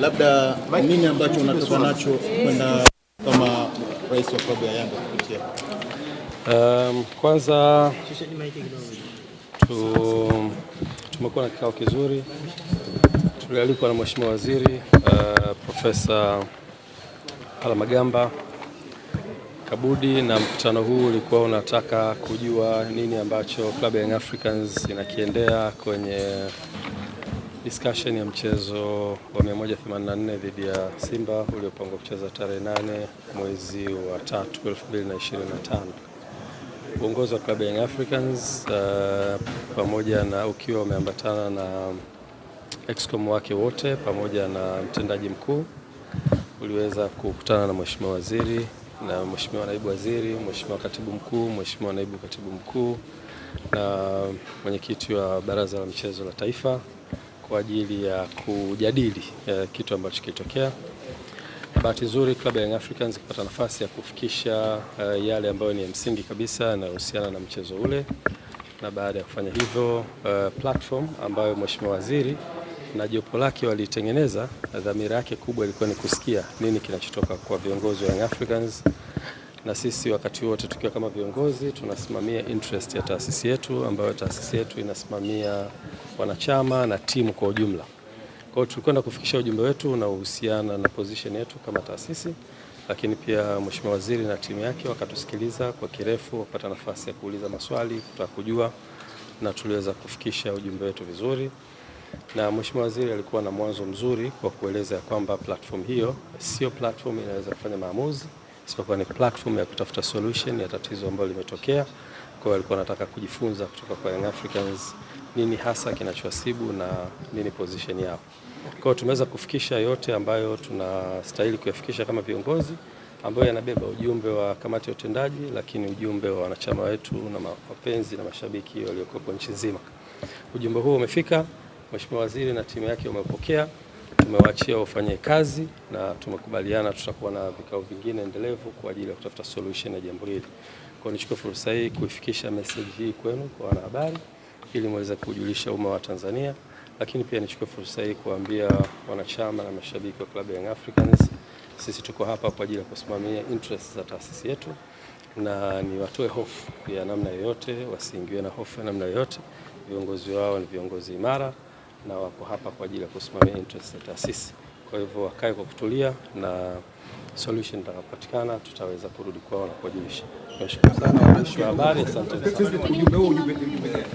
labda nini ambacho unatoka nacho kwenda kama rais wa klabu ya Yanga kupitia? Um, kwanza tu, tumekuwa na kikao kizuri, tulialikwa na Mheshimiwa Waziri uh, Profesa Palamagamba Kabudi, na mkutano huu ulikuwa unataka kujua nini ambacho klabu ya Young Africans inakiendea kwenye Discussion ya mchezo wa 184 dhidi ya Simba uliopangwa kucheza tarehe 8 mwezi wa 3 2025. Uongozi wa klabu ya Young Africans uh, pamoja na ukiwa umeambatana na excom wake wote pamoja na mtendaji mkuu uliweza kukutana na mheshimiwa waziri na mheshimiwa naibu waziri, mheshimiwa katibu mkuu, mheshimiwa naibu katibu mkuu na mwenyekiti wa baraza la mchezo la taifa kwa ajili ya kujadili eh, kitu ambacho kilitokea. Bahati nzuri klabu ya Young Africans ikapata nafasi ya kufikisha eh, yale ambayo ni ya msingi kabisa yanayohusiana na mchezo ule, na baada ya kufanya hivyo eh, platform ambayo mheshimiwa waziri na jopo lake walitengeneza, eh, dhamira yake kubwa ilikuwa ni kusikia nini kinachotoka kwa viongozi wa Young Africans na sisi wakati wote tukiwa kama viongozi tunasimamia interest ya taasisi yetu, ambayo taasisi yetu inasimamia wanachama na timu kwa ujumla. Kwa hiyo tulikwenda kufikisha ujumbe wetu unaohusiana na position yetu kama taasisi, lakini pia Mheshimiwa Waziri na timu yake wakatusikiliza kwa kirefu, wakapata nafasi ya kuuliza maswali, kutaka kujua, na tuliweza kufikisha ujumbe wetu vizuri na Mheshimiwa Waziri alikuwa na mwanzo mzuri kwa kueleza ya kwamba platform hiyo sio platform inaweza kufanya maamuzi isipokuwa ni platform ya kutafuta solution ya tatizo ambalo limetokea. Kwa hiyo alikuwa anataka kujifunza kutoka kwa Young Africans nini hasa kinachowasibu na nini position yao. Kwa hiyo tumeweza kufikisha yote ambayo tunastahili kuyafikisha kama viongozi, ambayo yanabeba ujumbe wa kamati ya utendaji, lakini ujumbe wa wanachama wetu na mapenzi na mashabiki waliokuwepo nchi nzima. Ujumbe huo umefika, Mheshimiwa Waziri na timu yake umepokea tumewaachia wafanye kazi na tumekubaliana tutakuwa na vikao vingine endelevu kwa ajili ya kutafuta solution ya jambo hili. Kwa nichukue fursa hii kuifikisha message hii kwenu kwa wanahabari ili muweze kujulisha umma wa Tanzania, lakini pia nichukue fursa hii kuambia wanachama na mashabiki wa klabu ya Young Africans, sisi tuko hapa kwa ajili ya kusimamia interest za taasisi yetu na ni watoe hofu ya namna yoyote, wasiingiwe na hofu ya namna yoyote. Viongozi wao ni viongozi imara na wako hapa kwa ajili ya kusimamia interest ya taasisi. Kwa hivyo wakae kwa kutulia na solution itakapatikana tutaweza kurudi kwao na kuwajulisha. Nashukuru sana waandishi wa habari, asante sana.